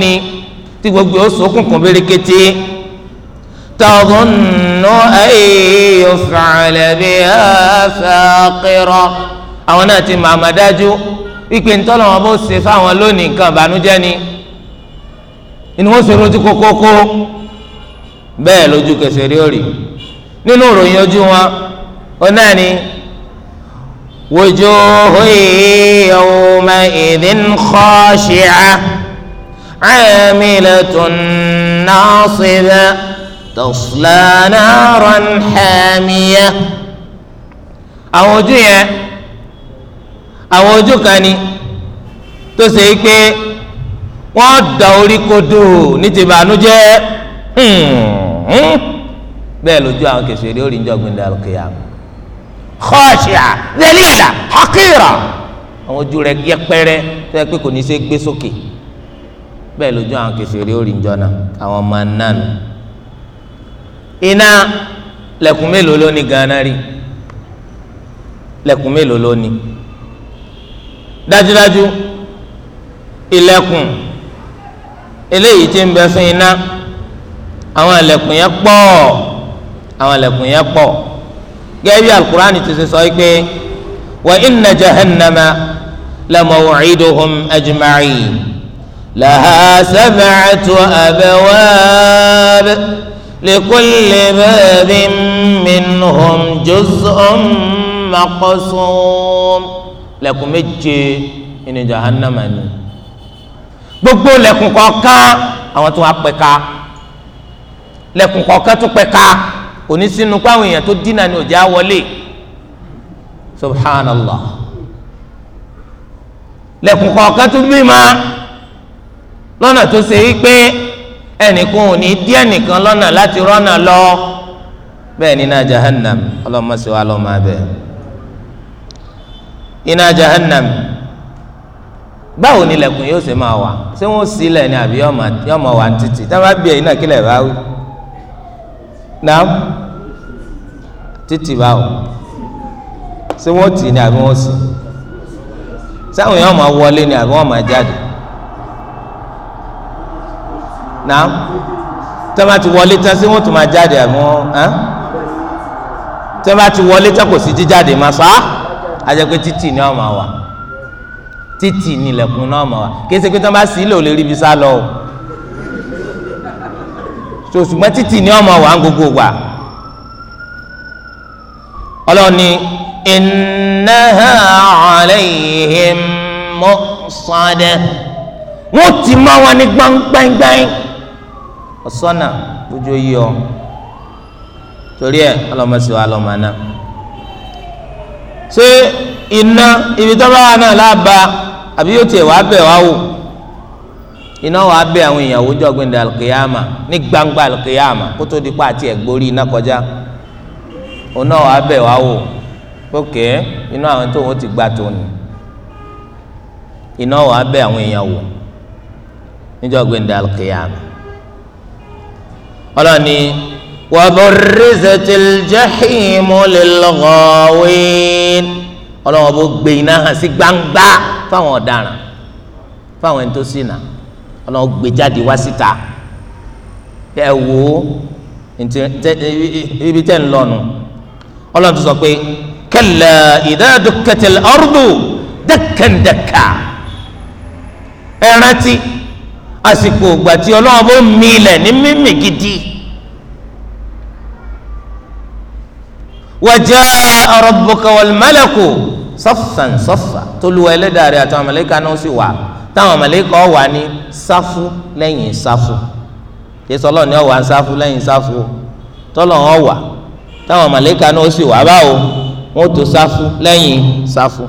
ni tí gbogbo oṣù kùnkùn bẹ́rẹ̀kẹ́tì tọ̀dúnnú ayò fàlẹ́ bí afẹ́kẹ́rọ. àwọn náà ti màmá dájú ìpè ntọ́nà wọn bó ṣe fáwọn lónìí nǹkan ìbànújẹ́ ni inú wọn ṣe rojú kókókó bẹ́ẹ̀ lójú kẹsẹ̀ rí òrì nínú ìròyìn ojú wọn òun náà ni wujuhu yawma idhin khashi'ah. عاملة ناصبة تصلى نارا حامية àwòjú yẹn àwòjú kan ni tó ṣe é pé wọ́n da orí kodo ní ti bànújẹ́ bẹ́ẹ̀ lójú àwọn kẹsìrì orí njọ́ gbìndé àlùkìyà khashi'a dhalila haqira àwọn ojú rẹ̀ yẹpẹrẹ tó yẹ pé kò ní í ṣe gbé sókè. So bẹ́ẹ̀ lójú àwọn kẹsìrì ó rí njọ́ náà àwọn ọmọ nánu iná lẹ̀kùn mélòó ló ní ganan rí lẹ̀kùn mélòó ló ní dájúdájú ilẹ̀kùn eléyìí tí ń bẹ fún iná àwọn ilẹ̀kùn yẹn pọ̀ àwọn ilẹ̀kùn yẹn pọ̀ gẹ́gẹ́ bí alukur'an ti ṣe sọ pé wa inna jahannama la maw'iduhum ajma'in. لها سبعة أبواب لكل باب منهم جزء مقسوم لكم méje إن jahannam ni gbogbo lẹ̀kùn kọ̀ọ̀kan àwọn tó wá pẹ̀ka lẹ̀kùn kọ̀ọ̀kan tó pẹ̀ka kò ní sínú pé àwọn èèyàn tó dínà ní òjá wọlé subhanallah lẹ̀kùn kọ̀ọ̀kan tó bí ma. lọ́nà tó ṣe wípé ẹnìkan ò ní dí ẹnìkan lọ́nà láti rọ́nà lọ bẹ́ẹ̀ ni iná jahannam ọlọ́mọṣẹ́wá alọmọ abẹ́ iná jahannam báwo ni ilẹ̀kùn yóò ṣe máa wà ṣé wọ́n ṣí ilẹ̀ ni àbí yóò máa wà títì táwa bí ẹ̀yin náà kílẹ̀ náà títì ṣé wọ́n tì ní àbí wọ́n máa wọlé àbí wọ́n máa jáde. náà tẹ́lẹ̀ ti wọlé tán sí wọ́n tún máa jáde àmọ́ tẹ́lẹ̀ ti wọlé tán kò sí jíjáde máa sọ á àjẹpẹ́ títì ni wọ́n máa wà títì ni ilẹ̀kùn náà máa wà kí ẹsẹ̀ pé tán bá sí ilé ò lè rí ibi sá lọ o so ṣùgbọ́n títì ni wọ́n máa wà ń gbogbo wa ọlọ́ni innaha alayhim mọ́sádẹ́ wọ́n ti máa wà ní gbangbangbang ọ̀sọ́nà ojú yìí ọ torí ẹ ọlọmọsí wa lọmọ náà ṣé iná ibi tó bá wà náà lába àbí yóò tiẹ̀ wàá bẹ̀ wá wò iná wàá bẹ̀ àwọn èèyàn àwùjọ gbẹ̀ndẹ̀ alùkìyàmà ní gbangba alùkìyàmà kó tó di pa àti ẹ̀gbórí iná kọjá òun náà wàá bẹ̀ wá wò pókè iná àwọn tó wọn ti gbà tó nù iná wàá bẹ̀ àwọn èèyàn wò níjọ́ gbẹ̀ndẹ̀ ọlọ́ni wàbọ̀rẹ́sẹ̀tìl jahimu lilghawin ọlọ́wọ́n bó gbé iná hàn sí gbangba fáwọn ọ̀daràn fáwọn ẹni tó sì nà ọlọ́wọ́n gbé jáde wá síta ẹ wò ó ibi tẹ́ ń lọ́nu ọlọ́run tó sọ pé kalla idha dukkatil ardu ẹ rántí àsìkò ìgbà tí ọlọ́wọ́ bó mi ilẹ̀ ní mímì gidi. wajaa rabbuka wal malaku saffan saffa tolúwa ẹlẹ́dàá rẹ̀ àtàwọn màláíkà náà sì wà táwọn màláíkà ó wà ní sáfù lẹ́yìn sáfù yẹsọ ọlọ́run ni ó wà ń sáfù lẹ́yìn sáfù tọ́lọ́run ó táwọn màláíkà náà sì wà báwo wọ́n tó sáfù lẹ́yìn sáfù.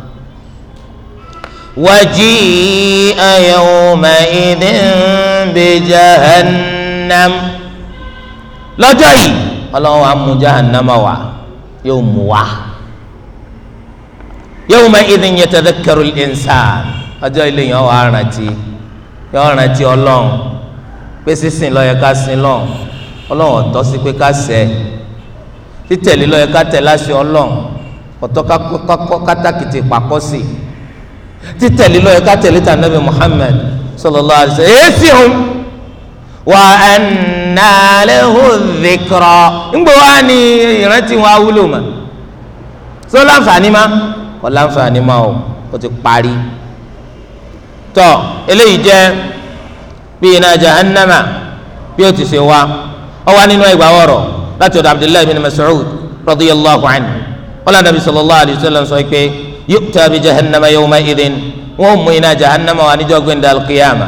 وجيء يومئذ بجهنم lọ́jọ́ yìí ọlọ́run á mú jahannama wá yóò mú wá yawma'idh yatadhakkaru al-insan ọjọ́ ilé yẹn wà á rántí yẹn wà rántí ọlọ́run pé sísìn ló ká sìn lọ́run ọlọ́run ọ̀tọ́ sí pé ká sẹ́ títẹ̀lé ló ká tẹ̀ láṣẹ ọlọ́run ọ̀tọ́ ká pàkọ́ sí i títẹ̀lé ló yẹ ká tẹ̀lé tà nàbì Muhammad sallallahu alaihi wasallam èyí sì hùn wà á nà lẹ́hù dhikra ńgbọ́ wa ni ìrántí wọn awúlò mà sọ láǹfààní ma kọ́ láǹfààní ma o o ti parí tọ́ eléyìí jẹ́ bí iná jahannama bí o ti ṣe wá ọ wá nínú ẹgbàá ọ̀rọ̀ láti ọ̀dọ̀ Abdullahi bin Mas'ud radiyallahu anhu ọlọ́dàbí sallallahu alaihi wasallam sọ pé yu'ta bi jahannama yawma idhin wọ́n mú iná jahannama wà níjọ́ gbẹ̀ndà alqiyama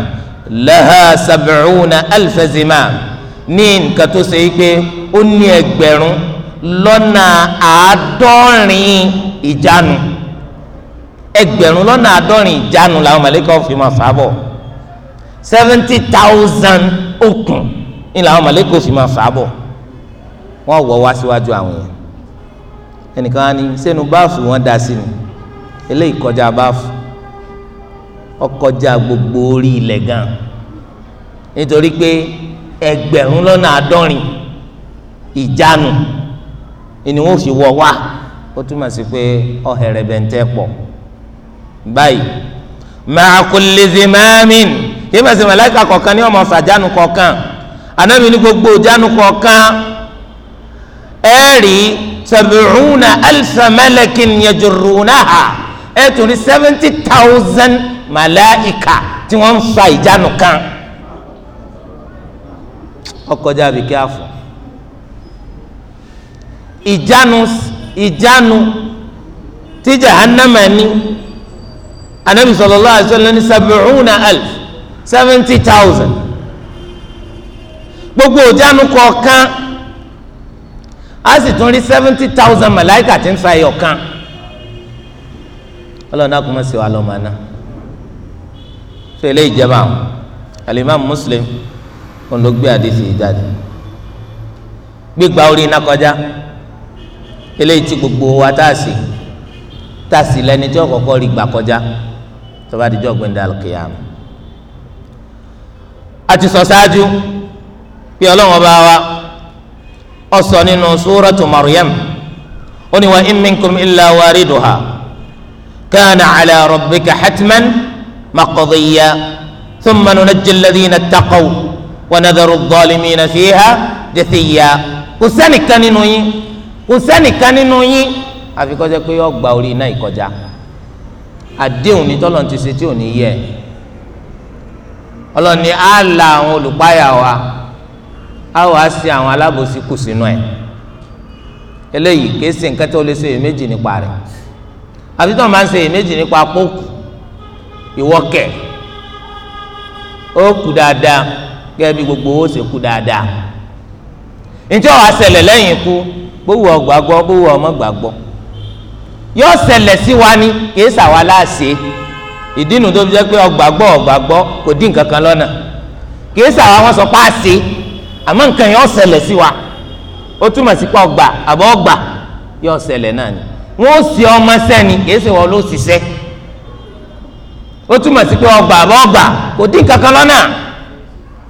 laha sab'una alfa zimam ní nǹkan tó ṣe é pé ó ní ẹgbẹ̀rún lọ́nà àádọ́rin ìjánu ẹgbẹ̀rún lọ́nà àádọ́rin ìjánu làwọn mọ̀lẹ́kọ̀ fi máa fà bọ̀ seventy thousand okùn ni làwọn mọ̀lẹ́kọ̀ fi máa fà bọ̀ wọ́n wọ̀ wá síwájú àwọn yẹn ẹnìkan á ní sẹ́nu báàfù wọn dá sí ni eléyìí kọjá báfù ọkọjá gbogbo orí ilẹ̀ gan nítorí pé ẹgbẹ̀rún lọ́nà àádọ́rin ìjánu ni wọ́n fi wọ́ wá ó túmọ̀ sí pé ọ̀hẹ̀rẹ̀ bẹ̀ntẹ́ pọ̀ báyìí máa kó lèzè mẹ́rin kí ẹ mẹ́sìn mẹ́láìka kọ̀ọ̀kan ní ọmọ sàjánu kọ̀ọ̀kan anábì ní gbogbo ìjánu kọ̀ọ̀kan ẹ̀rí sẹ̀bìrún náà ẹ̀lsẹ̀ mẹ́lẹ̀kìn yẹ̀jọ̀rún náà ẹ tún rí seventy thousand màláìka tí wọ́n ń fa ìjánu kan ọkọjá bí kí a fọ ìjánu ìjánu tí jahannama ní anabi sallallahu alaihi wasallam ní sab'una alf seventy thousand gbogbo ìjánu kọ̀ọ̀kan a sì tún rí seventy thousand màláìka tí ń fa ẹyọ ọlọ́run náà kò mọ̀ sí wa lọ́mọ àná so eléyìí jẹba àwọn alimam muslim òun ló gbé àdéhìí jáde gbígba orí iná kọjá eléyìí tí gbogbo wa tá a sì tá a sì lẹni tí ọkọ̀ọ̀kọ̀ rí gbà kọjá tó bá dijọ́ gbẹ̀ndé alùkìyàmù a sọ ṣáájú pé ọlọ́run ọba wa ó sọ nínú suratu Maryam ó ní wa in minkum illa wariduha kana ala rabbika hatman maqdiya thumma nunajji alladhina ttaqaw wa nadharu adh-dhalimina fiha jathiya kò sẹ́nìkan nínú yín kò sẹ́nìkan nínú yín àfi kó jẹ́ pé yọ gba orí iná ìkọjá àdéhùn ní tọ́lọ̀ ti ṣe tí ò ní yẹ ọlọ́ni á la àwọn olùpáyà wa á wàá ṣe àwọn alábòsí kù sínú ẹ̀ eléyìí kìí ṣe nǹkan tó lè ṣe èméjì nípa rẹ̀ àbí tó máa ń ṣe èméjì nípa pókù ìwọ kẹ ó kú dáadáa gẹ́gẹ́ bí gbogbo owó ṣe kú dáadáa ǹjẹ́ wàá ṣẹlẹ̀ lẹ́yìn ikú bówó ọgbà gbọ́ bówó ọmọ gbà gbọ́ yóò ṣẹlẹ̀ sí wa ni kìí ṣàwa láàṣẹ ìdínú tó fi jẹ́ pé ọgbà gbọ́ ọgbà gbọ́ kò dín nǹkan kan lọ́nà kìí ṣàwa wọn sọ páàṣẹ àmọ́ nǹkan yóò ṣẹlẹ̀ sí wa ó túmọ̀ sí pé ọgbà àbọ̀ ọgbà yóò ṣẹlẹ̀ náà ni wọn ò sí ọmọ sẹ́ni kìí ṣe wọn ló ṣiṣẹ́ ó túmọ̀ sí pé ọgbà àbọ̀ ọgbà kò dín kankan lọ́nà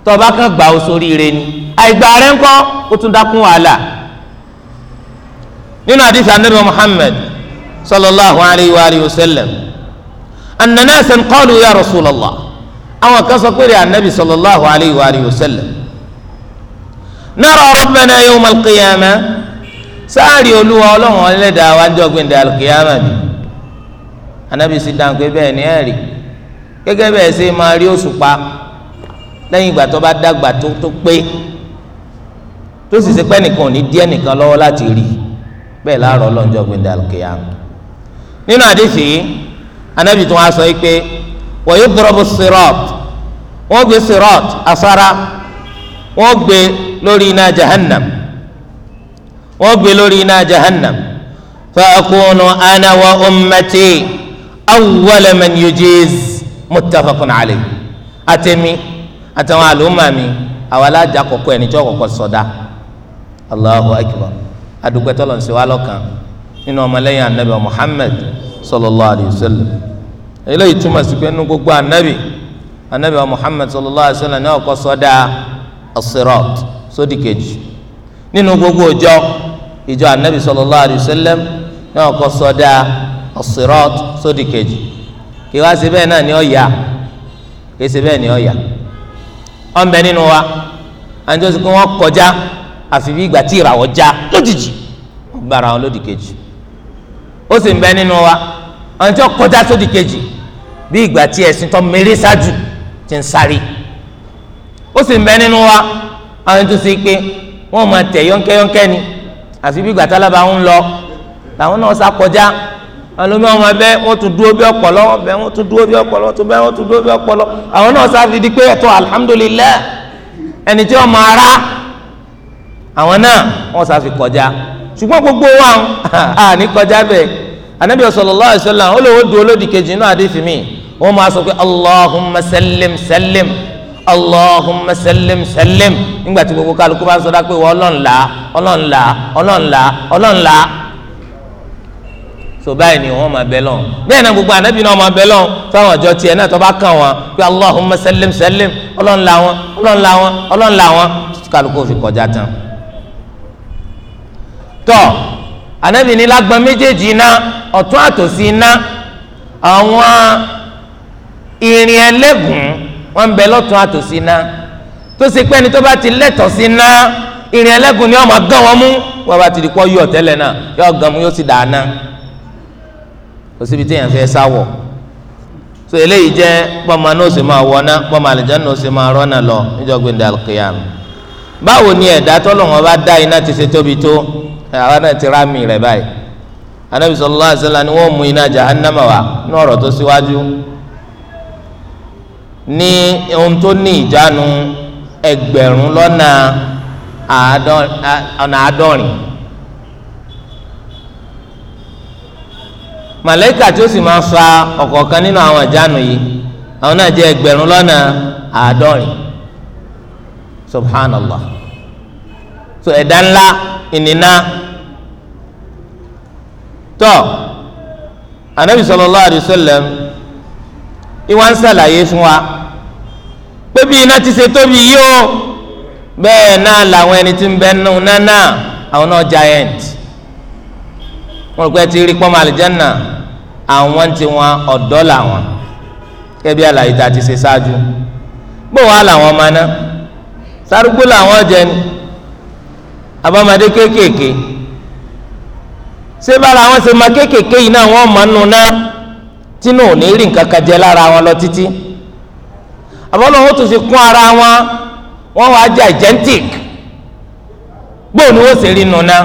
tọba kan gbà ó sórí ire ni àìgbà rẹ ńkọ ó tún dákún wàhálà nínú àdìsí anabi muhammed sallallahu alayhi wa sallam anana san qalu ya rasulallah àwọn kan sọ pé rẹ anabi sallallahu alayhi wa sallam nara rabbana yawm al-qiyamah sáàrì olúwa ọlọ́run ẹlẹ́dàá wa ń jọ gbẹ̀ndẹ̀ alùkìyàmà ni anabi sì dáhùn pé bẹ́ẹ̀ ni ẹ̀ rí gẹ́gẹ́ bẹ́ẹ̀ ṣe máa rí òṣùpá lẹ́yìn ìgbà tó bá dàgbà tó tó pé tó sì ṣe pé nìkan ò ní díẹ̀ nìkan lọ́wọ́ láti rí bẹ́ẹ̀ láàárọ̀ ọlọ́run jọ gbẹ̀ndẹ̀ alùkìyàmà nínú àdéhì anabi tó wá sọ yìí pé wa yudrabu sirat wọ́n gbé sirat asara wọ́n gbé lórí iná jahannam wọ́n gbé lórí iná jahannam fa akunu ana wa ummati awwala man yujiz muttafaqun alayhi àtẹ̀mí àtàwọn àlùmọ̀ mi àwọn alájà kọ̀kọ́ ẹni tí wọ́n kọ̀kọ́ sọ̀dá allahu akbar adúgbẹ́tọ́ lọ́n ṣe wá lọ́kàn nínú ọmọlẹ́yìn anabi muhammad sallallahu alayhi wa sallam eléyìí túmọ̀ sí pé nínú gbogbo anabi anabi muhammad sallallahu alayhi wa sallam ní ọkọ̀ sọ̀dá as-sirat So nínú gbogbo ọjọ́ ìjọ anabi sallallahu alayhi wa sallam náà kọ́ sọ́dá as-sirat sódì kejì kí wá sí bẹ́ẹ̀ náà ni ó yà kí sí bẹ́ẹ̀ ni ó yà ọ̀n bẹ nínú wa àti oṣù kí wọ́n kọjá àfi bí ìgbà tí ìràwọ̀ já lójijì gbàrà wọn lódì ó sì ń bẹ nínú wa àwọn kọjá sódì bí ìgbà tí ẹ̀sìn tó mèrè ṣáájú ti ń sáré ó sì ń bẹ nínú wa àwọn tó pé wọ́n máa tẹ̀ yọ́nkẹ́yọ́nkẹ́ ni àfi bí gbàtà lába ń lọ làwọn náà sá kọjá alomi àwọn abẹ wọ́n tún dúró bí ọpọlọ wọ́n bẹ wọ́n tún dúró bí ọpọlọ wọ́n tún bẹ wọ́n tún dúró bí ọpọlọ àwọn náà sá fi di pé ẹtọ alihamudulilayi ẹni tí wọ́n máa rà àwọn náà wọ́n sá fi kọjá ṣùgbọ́n gbogbo wa à ní kọjá bẹ́ẹ̀ anabi sallallahu alaihi wasallam olówó dúró lódì kejì náà àdéhìí mi wọ́n máa sọ pé allahumma salim salim allahumma sallim sallim nígbà tí gbogbo kálukú bá ń sọdá pé ọlọ́nla ọlọ́nla ọlọ́nla ọlọ́nla so báyìí ni wọn máa bẹ lọ bẹ́ẹ̀ náà gbogbo anabi náà máa bẹ lọ fáwọn ọjọ́ tiẹ̀ náà tó bá kàn wọn pé allahumma sallim sallim ọlọ́nla wọn ọlọ́nla wọn ọlọ́nla wọn kálukú fi kọjá tán tọ anabi ní lágbọn méjèèjì iná ọ̀tún àtòsí iná àwọn irin ẹlẹ́gùn wọ́n bẹ lọ́tún àtòsí náà tó ṣe pé ẹni tó bá ti lẹ́tọ̀ọ́ sí náà ìrìn ẹlẹ́gùn ni wọ́n máa gán wọn mú wọ́n bá ti di pọ́ yọ̀ tẹ́lẹ̀ náà yọ̀ gan mu yóò sì dáná kò síbi téèyàn fẹ́ sáwọ̀ so eléyìí jẹ́ bọ́mọ náà sì máa wọ́ná bọ́mọ àlìjá náà sì máa rọ́nà lọ níjọ́ gbẹ̀ndẹ̀ alqiyam báwo ni ẹ̀dá tọ́lọ́wọ́n bá dá iná ti ṣe tóbi tó àwa náà ti rámì rẹ̀ báyìí anabi sallallahu alaihi wasallam ni wọ́n mú iná jahannama wá ní ọ̀rọ̀ tó síwájú ní ohun tó ní ìjánu ẹgbẹ̀rún lọ́nà àádọ́rin màlẹ́kà tí ó sì máa fa ọ̀kọ̀ọ̀kan nínú àwọn ìjánu yìí àwọn náà jẹ́ ẹgbẹ̀rún lọ́nà àádọ́rin subhanallah so ẹ̀dá ńlá ìnìna tọ́ anabi sallallahu alayhi wa ìwà ń ṣàlàyé fún wa pé bí iná ti ṣe tóbi yìí o bẹ́ẹ̀ náà làwọn ẹni tí ń bẹ nù nánà àwọn náà giant wọn pẹ́ ti rí pọ́nmọ́ àlìjánà àwọn tí wọn ọ̀dọ́ làwọn kẹ́bí àlàyé tá a ti ṣe ṣáájú gbọ́wọ́ làwọn ọmọ náà sárúgbó làwọn jẹ ni abọ́mọdé kéékèèké ṣé bá làwọn ṣe máa kéékèèké yìí náà wọ́n mọ̀ nù náà tínú ò ní rí nǹkan kan jẹ lára wọn lọ títí àbọ̀lọ́ wọn tún fi kún ara wọn wọn wàá gigantic gbóò ni wọ́n sì rí nùnà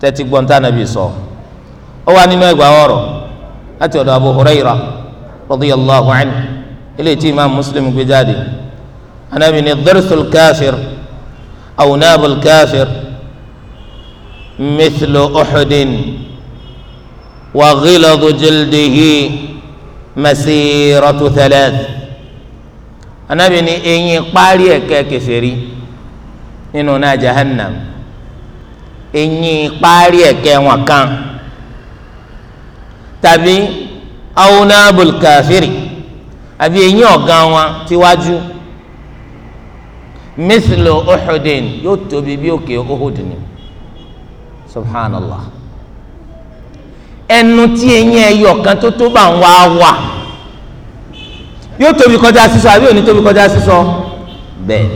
tẹ́tí gbọ́ntà nàbì sọ ọ wà nínú ẹgbàá ọ̀rọ̀ láti ọ̀dọ̀ Abu Huraira radiyallahu anhu ilé tí imaam Muslim gbé jáde anabi ni dhirsul kafir aw kafir mithlu Uhudin. وغلظ جلده مسيرة ثلاث أنا بني إني kpari ẹ̀kẹ́ kèfèrí nínú náà jahannam eyín kpari ẹ̀kẹ́ wọn kan tàbí awonabul kàfírì àbí eyín ọ̀gán wọn tiwájú mislo uhudin yóò tóbi bí òkè uhud subhanallah ẹnu tí eyín ẹyọ kan tó tó bá ń wá wà yóò tóbi kọjá sísọ àbí òní tóbi kọjá sísọ bẹ́ẹ̀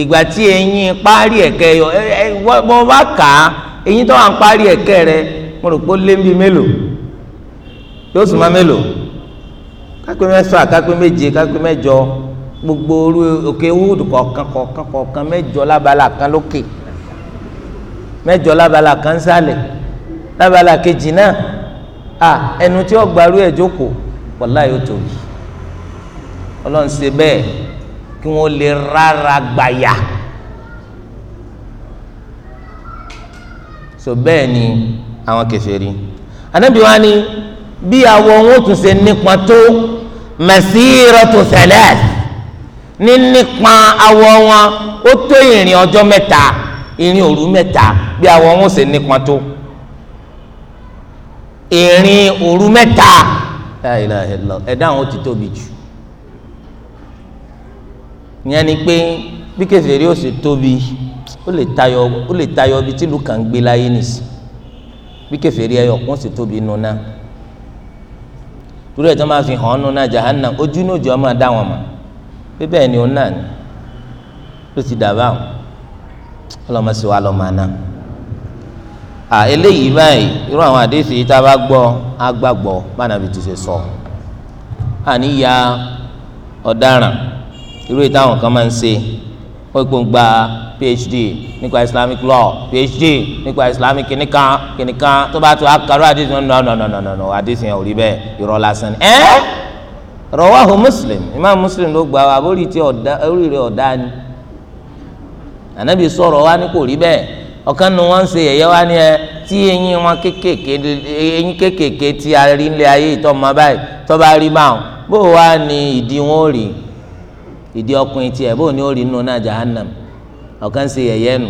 ìgbà tí eyín parí ẹ̀kẹ́ yọ ẹ ẹ wọ́n bá kà á eyín tó wà ń parí ẹ̀kẹ́ rẹ mo rò pé ó lé ń bi mélòó yóò sì má mélòó kápẹ́ mẹ́fà kápẹ́ méje kápẹ́ mẹ́jọ gbogbo orí òkè wúdù kọ̀ọ̀kan kọ̀ọ̀kan mẹ́jọ lábala kan lókè. Okay mẹ́jọ lábala kan sálẹ̀ lábala kejì náà à ẹnu tí ó gbarú ẹ̀ jókòó wàlá yóò tóbi ọlọ́run ṣe bẹ́ẹ̀ kí wọ́n lè rárá gbàyà so bẹ́ẹ̀ ni àwọn kèfèrí anabi wa ni bí awọ wọn tún ṣe nípa tó masiratu thalath ní nípa awọ wọn ó tó ìrìn ọjọ́ mẹ́ta. ìrìn òru mẹ́ta bí àwọn ọmọ ṣe nípa tó ìrìn òru mẹ́ta ẹ̀dá àwọn ti tóbi jù ìyẹn ni pé bí kèfèrí ó ṣe tóbi ó lè tayọ ó tí tayọ n gbe gbé láyé nìsí bí ẹyọ kún tóbi nù náà máa fi hàn án jahanna ojú ní ọmọ wọn ma ni ló ti ọlọmọsí wa lọmọ àná à eléyìí báyìí irú àwọn àdéhùn yìí tá a bá gbọ́ á gbàgbọ́ bánàbí ti ṣe sọ àníyá ọ̀daràn irú èyí táwọn kan máa ń ṣe ó gbọ́n gba phd nípa islamic law phd nípa islamic kìnìkan kìnìkan tó bá tó akarú àdéhùn nọ nọ nọ nọ nọ àdéhùn yẹn ò rí bẹ́ẹ̀ irọ́ lásán ni ẹ́ rọwáhùn muslim imam muslim ló gbà wá àbórí rẹ̀ ọ̀dá ni ànábì sọ̀rọ̀ wa ní kò rí bẹ́ẹ̀ ọ̀kan nu wọn ń ṣe yẹ̀yẹ́ wa ni ẹ tí eyín wọn kékèké eyín kékèké tí a rí nílé ayé ìtọ́ ma báyìí tó bá rí máa ń bó wa ni ìdí wọn ò rí ìdí ọkùnrin tiẹ̀ bó ni ó rí nínú náà jahannam ọ̀kan ń ṣe yẹ̀yẹ́ nu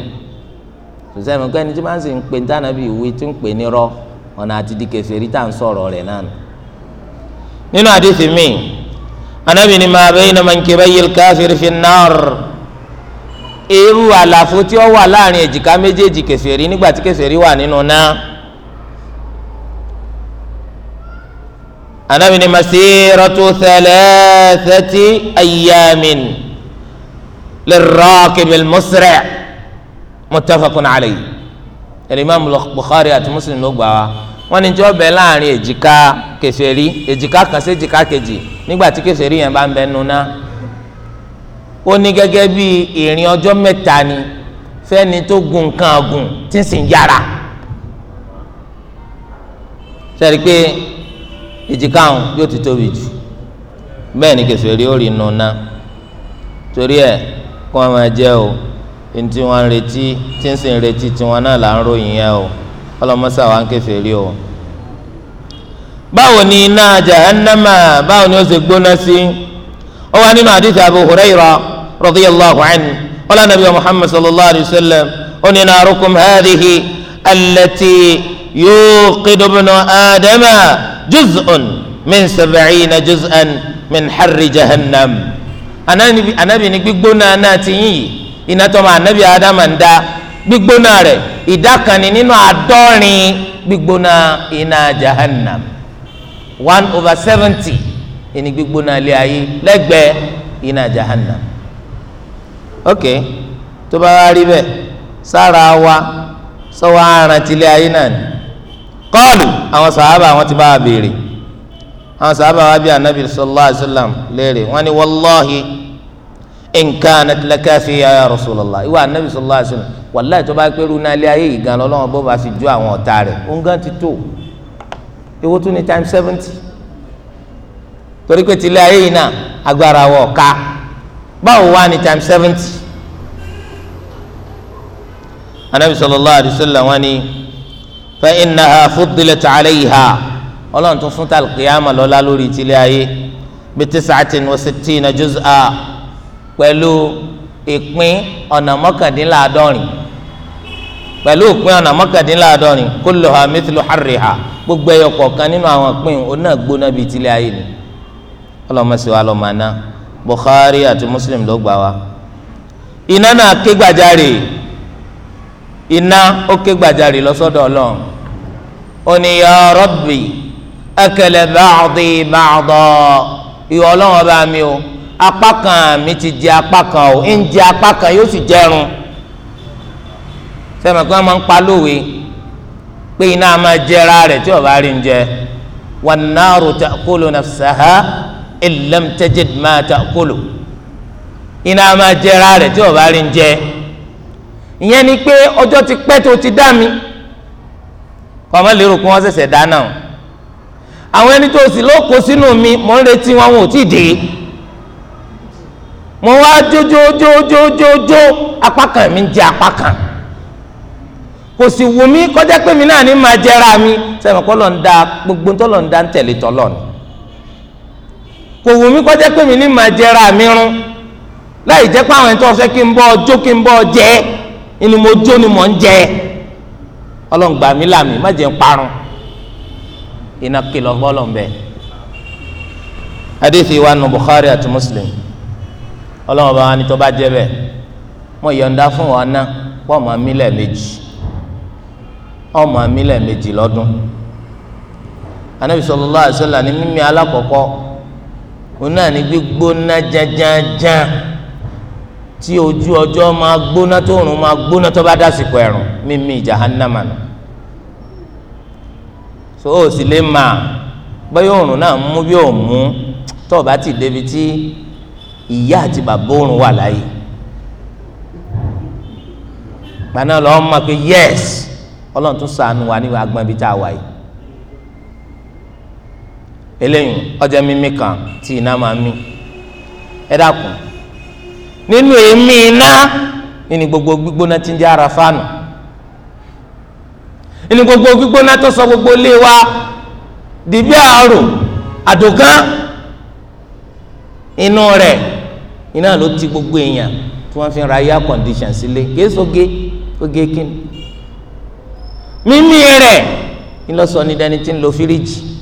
sọsẹ́ mi kẹ́ni tí máa ń ń pè ní ìwé tí ń pè ní rọ ọ̀nà àti di kèfèrí tá à ń sọ̀rọ̀ rẹ̀ náà nínú àdìsí mi anábì ni màá bẹ́yìn náà máa ń kí káfíìrì fi náà rọ̀ èrú àlàfo tí ó wà láàrin èjìká méjèèjì kèfèrí nígbà tí kèfèrí wà nínú náà. anabi ni masiratu thalathati ayamin lirraqib almusri' muttafaqun alayhi imam bukhari àti muslim ló gbà wá wọ́n ní jọ bẹ láàrin èjìká kèfèrí èjìká kan sí èjìká kejì nígbà tí kèfèrí yẹn bá ń bẹ nuna. ó ní gẹ́gẹ́ bí ìrìn ọjọ́ mẹ́ta ni fẹ́ni tó gun nǹkan ọ̀gùn tí ń sìn yára sẹ́ni pé èjìká àwọn yóò ti tóbi jù bẹ́ẹ̀ ni kẹsìrì ó rí nù ná torí ẹ̀ kó wọn máa jẹ́ o ntí wọn ń retí tí ń sì ń retí tiwọn náà là ń ròyìn yẹn o ọlọmọsá wa ń kẹsìrì o. báwo ni iná jahannama báwo ni ó ṣe gbóná sí. Si? ó wà nínú àdìsí Abu Hurairah radiyallahu anhu wọ́n lánàá bíi Muhammad sallallahu alayhi wa sallam ó ní narukum hadhihi allati yuqidu ibnu adama juz'un min sab'ina juz'an min harri jahannam anabi ni gbígbóná náà ti yín yìí ma anabi adama ń da gbígbóná rẹ̀ ìdá kan ni nínú jahannam one over seventy ẹni gbígbóná ilé ayé lẹ́gbẹ̀ẹ́ iná jahannam ok tó bá wá rí bẹ́ẹ̀ sára wa sọ́wọ́ arántí ilé ayé náà ni kọ́ọ̀lù àwọn sàhábà wọn ti bá wa béèrè àwọn sàhábà wa bí anabi sallallahu alayhi wa sallam léèrè wọn ni wàlláhi nǹkan lẹ́kẹ́fì ya Rasulullah ìwà anabi sallallahu alayhi wa sallam wàlláhi tó bá pẹ́rù náà ilé ayé yìí bó bá fi ju àwọn ọ̀tá rẹ̀ ó ń gan ti tó ewu tún ni times seventy torí pé tilẹ̀ ayé yìí náà agbára wọ̀ ká báwo wá ní times seventy anabi sallallahu alayhi wa sallam wani fa innaha fuddilat alayha ọlọ́run tún fún talqiyama lọ́lá lórí tilẹ̀ ayé bi tis'atin wa sittina juz'a pẹ̀lú ìpín ọ̀nà mọ́kàndínláàdọ́rin pẹ̀lú òpin ọ̀nà mọ́kàndínláàdọ́rin kulluha mithlu harriha gbogbo ẹyọ kọ̀ọ̀kan nínú àwọn ìpín òun gbóná bíi tilẹ̀ ayé ni ọlọmọsí wa lọmọ aná Bukhari àti Muslim ló gbà wá. iná náà ké gbàjarè iná ó ké gbàjarè lọ́sọ́dọ̀ ọlọ́run ó ní ya Rabbi akala ba'di ba'da ìwọ ọlọ́run ọba mi o apá kan mi ti jẹ apá kan o ń jẹ apá kan yóò sì jẹrun sẹ́mi kí wọ́n máa ń pa lówe pé iná máa jẹra rẹ̀ tí ọba rí ń jẹ wan naru ta'kulu nafsaha illam tajid ma ta'kulu iná máa jẹra rẹ̀ tí o bá rí ń jẹ ìyẹn ni pé ọjọ́ ti pẹ́ tó ti dá mi kọ́mọ lérò pé wọ́n ṣẹ̀ṣẹ̀ dáná o àwọn ẹni tó sì lóko sínú mi mò ń retí wọn wọn ò tí ì dé mo wá jójójójójójó apá kan mi ń jẹ apá kan kò sì wù mí kọjá pé mi náà ní máa jẹra mi sẹ́wọ̀n kọ́ lọ́ọ́ ń da gbogbo ń lọ́ọ́ ń da ń tẹ̀lé tọ́ ni kò wù mí kọjá pé mi ní màá jẹra mi rún láì jẹ́ pé àwọn ẹni fẹ́ kí n bọ́ ọjọ́ kí n bọ́ jẹ́ inú mo jó ni mò ń jẹ ọlọ́ngbà mi làmì má jẹ́ ń parun iná kìlọ̀ bọ́lọ̀ ń bẹ. adéfì wa nù Bukhari àti Muslim ọlọ́wọ́n bá wa ní tó bá jẹ́ bẹ́ẹ̀ mo yọ̀ǹda fún wọn ná pọ̀ mọ́ mi lẹ́ẹ̀mejì ọmọ mi lẹ́ẹ̀mejì lọ́dún anabi sallallahu alaihi wasallam mímí alákọ̀ọ́kọ́ òun náà ní gbígbóná janjanjan tí ojú ọjọ́ máa gbóná tó rùn máa gbóná tó bá dásìkò ẹ̀rùn mímí jahannama nù so ó sì lè máa bóyá òrùn náà mú bí ò mú tó o bá ti débi tí ìyá àti bàbá òrùn wà láàyè gbaná lọ́ọ́ mọ̀ pé yẹ́sì ọlọ́run tún ṣàánú wa ní agbọ̀n ibi tá a wà eléyìí ọjọ mímí kan tí iná máa mí ẹ dákun nínú èémí iná nínú gbogbo gbígbóná tí ń jẹ́ ara fáànù nínú gbogbo gbígbóná tó sọ gbogbo ilé wa dìbí àárò àdògán inú rẹ̀ iná ló ti gbogbo èèyàn tí wọ́n fi ra air condition sílé kéésóge oge kíni mímí rẹ ńlọsọ ní dání tí ń lo fíríjì.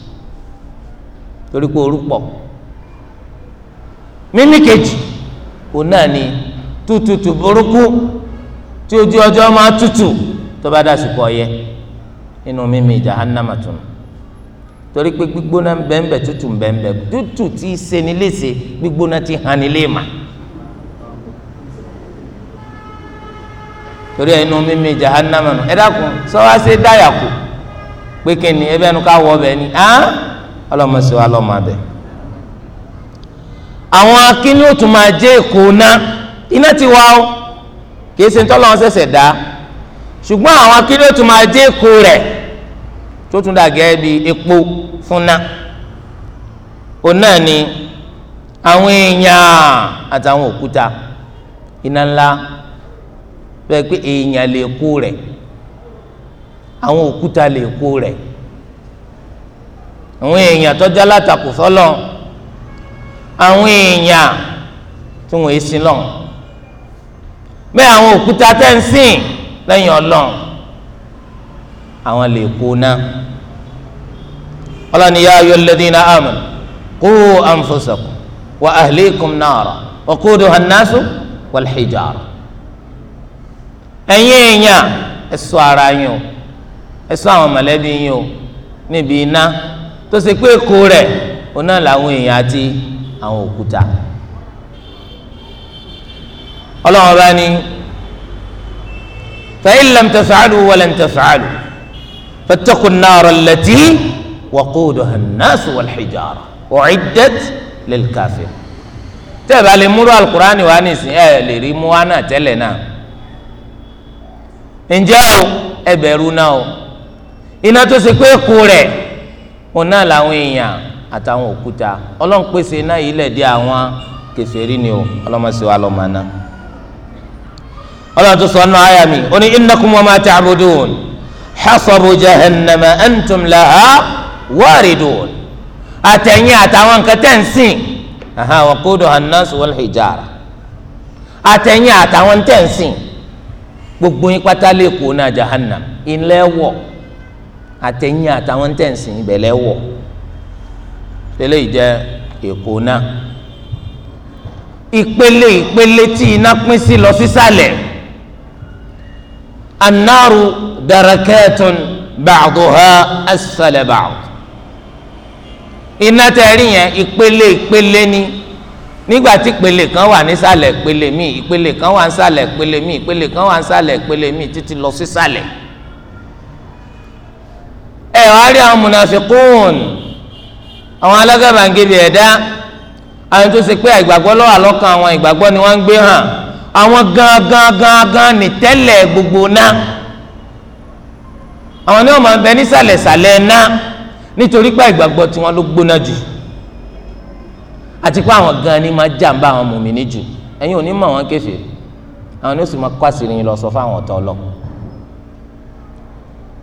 torí pé òru pọ̀ mímí kejì òun náà ni burúkú tí ojú ọjọ́ máa tó bá nínú mímí jahannama tún torí pé gbígbóná bẹ́ẹ̀nbẹ́ bẹ́ẹ̀nbẹ́ gbígbóná hàn ní léèmà torí ẹ inú mímí jahannama nù ẹ dákun sọ wá sí pé ọlọmọsí wa lọmọ abẹ àwọn akíní tún máa jẹ èkó ná iná ti wá o kìí ṣe ntọ́ lọ́wọ́ sẹ̀sẹ̀ dá ṣùgbọ́n àwọn akíní tún máa jẹ èkó rẹ̀ tó tún dà gẹ́gẹ́ bí epo fún ná òun náà ni àwọn èèyàn àtàwọn òkúta iná ńlá bẹ́ẹ̀ pé èèyàn lè kó rẹ̀ àwọn òkúta lè kó rẹ̀ àwọn èèyàn tó jẹ́ látakò sọ́lọ́ àwọn èèyàn tí wọ́n sin lọ bẹ́ẹ̀ àwọn òkúta tẹ́ ń sìn lẹ́yìn ọlọ́run àwọn lè kó náà ọlọ́ni yá ayọ́ lẹ́dínà amanu qu anfusakum wa ahlikum nara wa quduha an-nasu wal èèyàn ẹ ara yín o ẹ àwọn mọ̀lẹ́bí yín o níbi iná tó ṣe pé èkó rẹ̀ oná làwọn èèyàn àti àwọn òkúta ọlọ́wọ́n bá ní fa'in lam taf'alu wa lan taf'alu fattaqu an-nara allati waquduha an-nasu wal-hijara u'iddat lil lè múrò alukurani wa nìsín ẹ̀ lè rí mú wa tẹ́lẹ̀ náà ǹjẹ́ o ẹ bẹ̀rù náà o iná tó ṣe pé èkó rẹ̀ òun náà làwọn èèyàn àtàwọn òkúta ọlọ́run pèsè náà yìí lẹ̀ dé àwọn kèfèrí ni o ọlọ́mọṣẹ́ wa lọ́mọ náà ọlọ́run tó sọ ọ́nà àyà mi ó ní innakum wa ma ta'budun hasabu jahannama antum laha waridun àtẹ̀yìn àtàwọn nǹkan tẹ̀ ń sìn wa quduha an-nas wal àtẹ̀yìn àtàwọn tẹ̀ gbogbo yín pátá lè kó náà jahannam ilẹ̀ wọ̀ àtẹ̀yìn àtàwọn tẹ̀sí ìbẹ̀lẹ̀ wọ̀ tẹ́lẹ̀ ìjẹ́ èkó náà ìpele ìpele tí iná pín sí lọ sísàlẹ̀ anáru darakẹ́tun ba'duha asfala ba'd iná tẹ̀rí yẹn ìpele ìpele ni nígbà tí ìpele kan wà nísàlẹ̀ ìpele míì ìpele kan wà nísàlẹ̀ ìpele míì ìpele kan wà nísàlẹ̀ ìpele míì títí lọ sísàlẹ̀ ẹ̀ wá rí àwọn munafikun àwọn alágàbàǹgebè ẹ̀dá àwọn tó ṣe pé ìgbàgbọ́ lọ́wọ́ àlọ́kàn àwọn ìgbàgbọ́ ni wọ́n ń gbé hàn àwọn gangan gangan ní tẹ́lẹ̀ gbogbo náà àwọn ni wọ́n máa ń bẹ nísàlẹ̀sàlẹ̀ náà nítorí pé ìgbàgbọ́ tiwọn ló gbóná jù àti pé àwọn gan ni máa jàǹbá àwọn mùmíní jù ẹ̀yin ò ní mọ̀ wọ́n kèfèrí àwọn ni ó sì máa kó àṣírí yín lọ sọ fún àwọn ọ̀tá ọlọ́run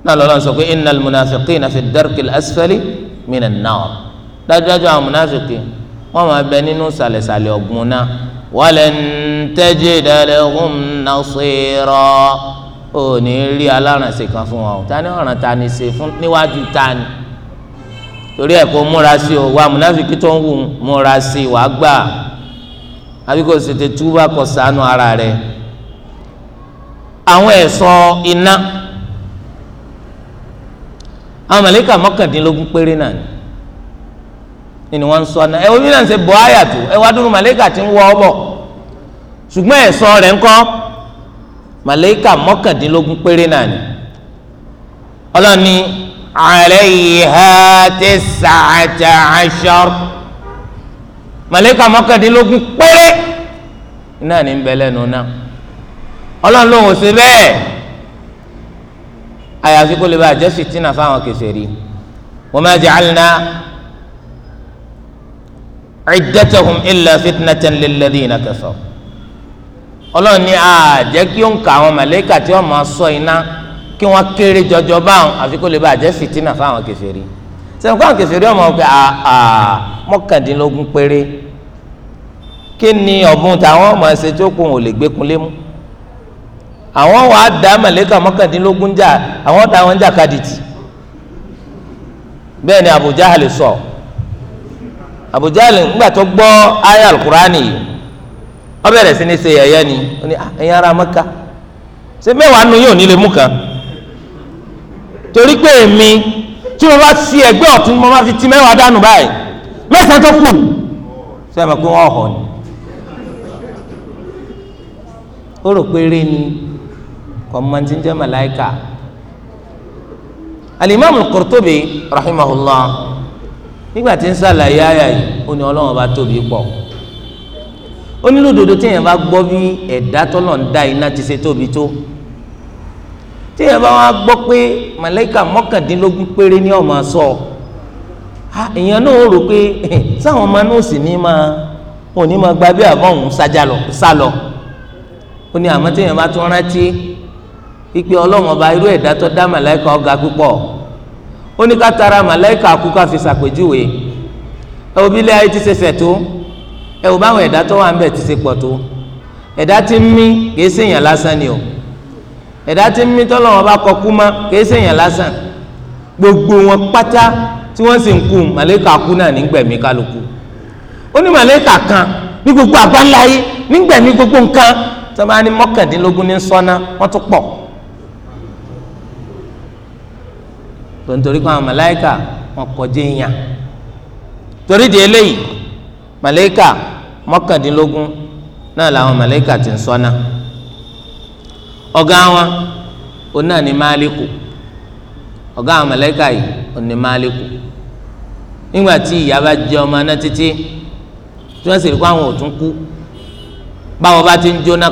náà lọ́la sọ pé innal munafiqina fi darkil asfali minan nar dájúdájú àwọn munafiki wọ́n máa bẹ nínú sàlẹ̀sàlẹ̀ ọ̀gbun náà walan tajida lahum nasira ò ní rí alárànṣe kan fún wọn o ta ni ọ̀ràn ta ni ṣe fún níwájú ta ni torí ẹ̀ kó múra sí o wa munafiki tó ń wù múra sí wàá gbà àbí kò sì ti túbà kọ sànú ara rẹ̀ àwọn ẹ̀sọ́ iná àwọn màlàíkà mọ́kàndínlógún péré náà ni nínú wọn sọ náà ẹ omi náà ṣe bọ àyà tó ẹ wá dúró màlàíkà tí ń wọ ọ bọ ṣùgbọ́n ẹsọ rẹ̀ ńkọ́ màlàíkà mọ́kàndínlógún péré náà ni ọlọ́ni alayha tis'ata ashar màlàíkà mọ́kàndínlógún péré náà ni ń bẹ lẹ́nu náà ọlọ́run lòun ò ṣe bẹ́ẹ̀ àyàfi kó lè bá àjẹ́ fìtínà fáwọn kèfèrí wa ma ja'alna iddatahum illa fitnatan lilladhina kafaru ọlọ́run ní àjẹ́ kí ń ka àwọn màlẹ́kà tí wọ́n máa sọ iná kí wọ́n kéré jọjọ báwọn àfi kó lè bá àjẹ́ fìtínà fáwọn kèfèrí sẹ́wọ́n káwọn kèfèrí ọmọ ọ̀gá àà mọ́kàndínlógún péré kí ni ọ̀bùn táwọn ọmọ ẹsẹ̀ tó kù wọn ò lè gbé kun lé mú àwọn wàá da màlẹ́kà mọ́kàndínlógún jà àwọn da wọn jà kadìtì bẹ́ẹ̀ ni Abu Jahal sọ Abu Jahal ńgbà tó gbọ́ aya alukurani yìí ó bẹ̀rẹ̀ sí ní ṣe yẹ̀yẹ́ ni ó ní ah, ẹ̀yin ará Mẹ́kà ṣé mẹ́wàá nu yóò nílé mú kan torí pé èmi tí mo bá fi ẹgbẹ́ ọ̀tún mo máa fi ti mẹ́wàá dànù báyìí mẹ́sàn-án tó kù sọ́yà máa pé ni ó rò pé eré ni kọ́mọ́ntì jẹ́ màláìkà alimami Qurtubi rahimahullah nígbà tí ń sàlàyé àyà yìí ó ní ọlọ́run bá tóbi pọ̀ ó nílò òdodo téèyàn bá gbọ́ bí ẹ̀dá tọ́lọ̀ ń dá iná ti ṣe tóbi tó téèyàn bá wá gbọ́ pé màláìkà mọ́kàndínlógún péré ní ọ̀ma sọ ha èèyàn náà ó rò pé sáwọn ọmọ náà sì ní máa ò ní máa gba bí àbọ̀hún sá lọ ó ní àmọ́ téèyàn bá tún rántí ìpè ọlọ́run ọba irú ẹ̀dá tó dá màláìka ọ̀gá púpọ̀ ó ní ká tara màláìka kú ká fi ṣàpèjúwe ẹ wò bí ilé ayé ti ṣe ṣẹ̀ tó ẹ wò báwọn ẹ̀dá tó wà ń bẹ̀ ti ṣe pọ̀ tó ẹ̀dá tí ń mí kìí ṣèyàn lásán ni o ẹ̀dá tí ń mí tọ́lọ́run ọba kọ kú mọ́ kìí ṣèyàn lásán gbogbo wọn pátá tí wọ́n sì ń kú màláìka kú náà nígbẹ̀mí kálukú ó ní màláìka kan ní gbogbo àgbáńláyé nígbẹ̀mí gbogbo nǹkan tó bá mọ́kàndínlógún ní sọ́nà wọ́n tún pọ̀ tó nítorí pé àwọn màláìkà wọn kọjá èèyàn torí di eléyìí màláìkà mọ́kàndínlógún náà làwọn màláìkà ti ń ṣọ́nà ọ̀gá wọn òun náà ní máàlíkù ọ̀gá àwọn yìí òun ní máàlíkù nígbà tí ìyá bá jẹ ọmọ náà títí tí wọ́n sì rí i àwọn ò tún ti ń jóná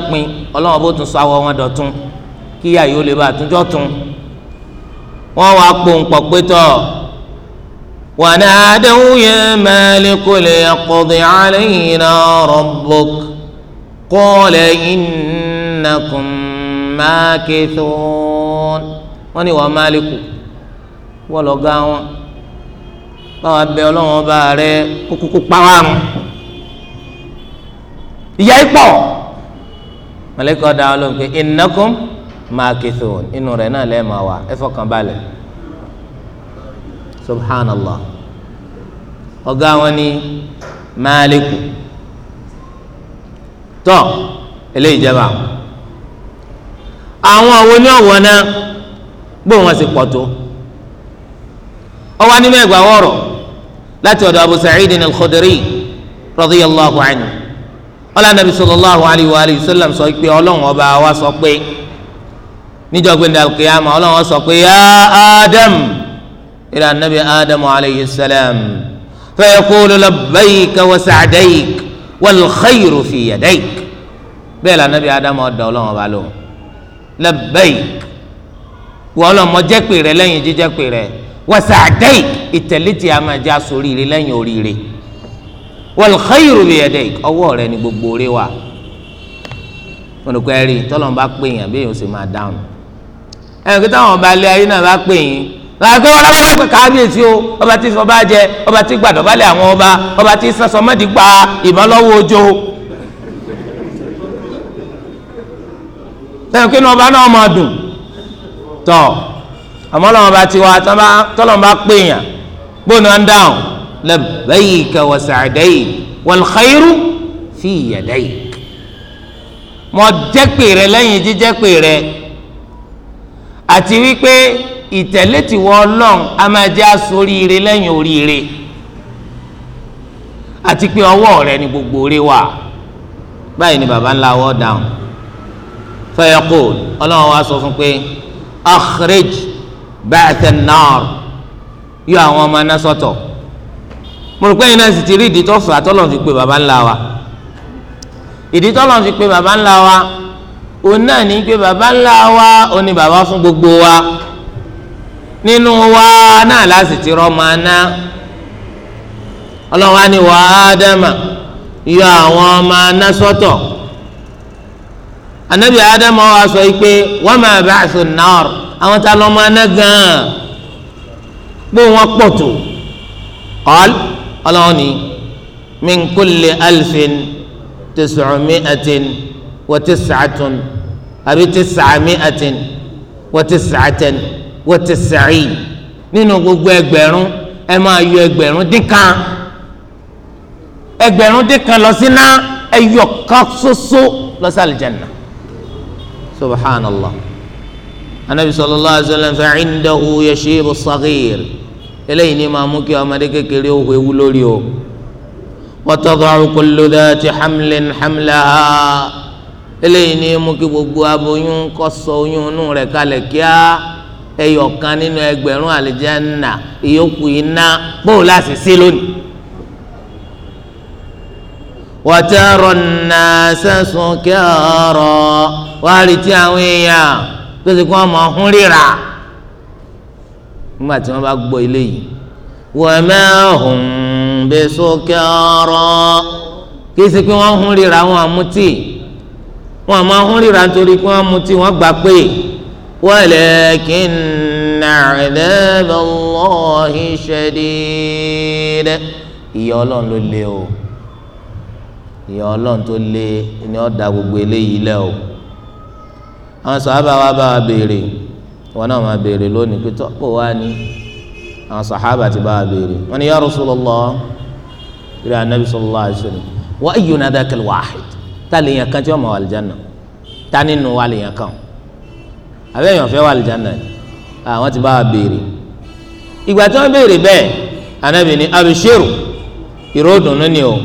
wọ́n wá pòǹpọ̀ pétọ́ ونادوا يا مالك ليقض علينا ربك قال إنكم ماكثون wọ́n ní wà máàlíkù wọ́n lọ ga wọn báwa bẹ ọlọ́run ọba rẹ kúkúkú pàwọn àrùn ìyá ipò mọ̀lẹ́kọ̀ọ́ dáhùn ló ń pè é ìnákùn máa kẹsùn inú rẹ̀ náà lẹ́ẹ̀ máa wà ẹ fọkàn balẹ̀ subhanallah ọ̀gá wọn ni máàlíkù tọ́ eléyìí jẹba àwọn àwọn oní ọ̀wọ́ náà gbé wọn sí pọ̀tó ọwọ́ nínú ẹgbàá wọ̀rọ̀ láti ọ̀dọ̀ abu sa'id al-khudri radiyallahu anhu ọlọ́nà nabi sallallahu alayhi wa sallam sọ pé ọlọ́run ọba wa sọ pé níjọ́ gbé ndàlù kìyàmà ọlọ́wọ́n sọ pé yá adam ilà nàbí adam alayhi salam fayaqulu labbayka wa sa'dayk wal khayru fi yadayk bẹ́ẹ̀ là nàbí adam ọ̀dọ̀ ọlọ́wọ́n bá lò labbayk wọ́n lọ mọ jẹ́ pé rẹ lẹ́yìn jíjẹ́ pé rẹ wa sa'dayk ìtẹ̀lé tí a máa já sórí rẹ lẹ́yìn oríire wal khayru bi yadayk rẹ ni gbogbo rẹ wà wọn ẹ̀rí tọ́lọ́mùbá pè yàn bí èèyàn sì máa dáhùn ẹnì kí táwọn ọba ilé ayé náà bá pè yín làgbẹ́ wọn lábẹ́ pé kábíyèsí o ọba tí sọ bá jẹ ọba tí gbàdọ̀ bá lẹ̀ àwọn ọba ọba tí sọsọ mọ́tì gba ìbọn lọ́wọ́ ojó. sẹ́yìn kí ọba náà máa dùn tọ̀ àmọ́ lọ́wọ́ bá ti wá tọ́lọ́mù bá pè yàn gbóni wọn dáhùn labbayka wa sa'dayka wal khayru mọ̀ jẹ́ rẹ lẹ́yìn jíjẹ́ rẹ àti wípé ìtẹ̀lé tìwọ ọlọ́run a máa jẹ́ asoríire lẹ́yìn oríire àti pé ọwọ́ rẹ ni gbogbo oore wà báyìí ni baba ńlá wọ́ dáhùn fẹ́yẹ́kù ọlọ́run wa sọ fún pé akhrij ba'than nar yọ àwọn ọmọ iná sọ́tọ̀ mo rò pé iná sì ti rí ìdí tó fà tọ́lọ́run fi pé baba ńlá wa ìdí tọ́lọ́run fi pé baba ńlá wa òun náà ní pé baba ńlá wa òun ni baba fún gbogbo wa nínú wa náà láti ti rọmọ aná ọlọ́wà ni wà á dẹ́mà yọ àwọn ọmọ aná sọ́tọ̀ anabi adama wa sọ yìí pé wọ́n máa bá aṣọ náà àwọn tá lọ́mọ aná gan-an pé wọ́n pọ̀ tó qal ọlọ́wà ni min kulli alfin tis'umi'atin. وتسعة أبي تسعمائة وتسعة وتسعين nínú gbogbo ẹgbẹ̀rún ẹ máa yọ ẹgbẹ̀rún dín kan ẹgbẹ̀rún dín kan lọ sí ná ẹyọ kan ṣoṣo lọ sí àlìjẹnà subhanallah anabi sallallahu alayhi wa sallam fa indahu yashibu saghir eléyìí ni máa mú kí ọmọdé kékeré ó hewu lórí o wa tada'u kullu dhati hamlin hamlaha eléyìí ni mú kí gbogbo aboyún kó sọ oyún inú rẹ̀ kalẹ̀ kíá ẹyọ kan nínú ẹgbẹ̀rún àlìjẹ́nà ìyókù iná bóun láti sí lónìí. wọ́tẹ́rọ̀ náà sẹ́sùn kẹ́ọ̀rọ̀ wá rí tí àwọn èèyàn tó ti kọ́ ọmọ ọ̀hún ríra nígbà tí wọ́n bá gbọ́ eléyìí wọ́n mẹ́hùn-ún bẹ́sọ̀ kẹ́ọ̀rọ̀ kí sí pé wọ́n ń hún ríra wọn àmútì wọn àmọ́ ahọ́n ríra nítorí pé wọ́n mutí wọ́n gbà pé walakinna adaballahi shadid ìyà ọlọ́run ló le o ìyà ọlọ́run tó le ni ó da gbogbo eléyìí lẹ̀ o àwọn sàhábà wa bá wa béèrè wọn náà máa béèrè lónìí pé tọ́pọ̀ wá ní àwọn sàhábà ti bá wa béèrè wọn ni ya Rasulullah rí anabi sallallahu alaihi wasallam wa ayyuna dhakal wahid ta lè yàn kan tí wọ́n mọ̀ àlìjáná ta nínú wa lè yàn kan àbẹ́ èèyàn fẹ́ wà àlìjáná ni àwọn ti bá wa béèrè ìgbà tí wọ́n béèrè bẹ́ẹ̀ anabi ni abishiru ìró dùnú ni o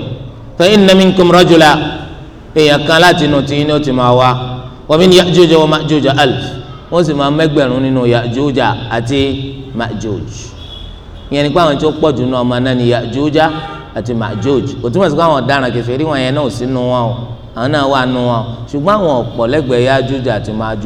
fa inna minkum rajula èèyàn kan láti inú tí ní o ti máa wá wa min ya'juja wa ma'juja alf wọ́n sì máa mẹ́gbẹ̀rún nínú ya'juja àti ma'juj ìyẹn ni pé àwọn tí ó pọ̀ jù náà ọmọ náà ni ya'juja àti ma'juj òtún mọ̀ sí pé àwọn ọ̀daràn kẹfẹ́ rí wọn yẹn náà sínú wọn o àwọn náà wà nù wọn ṣùgbọ́n àwọn ọ̀pọ̀ lẹ́gbẹ̀ẹ́ Yájúj àti Májúj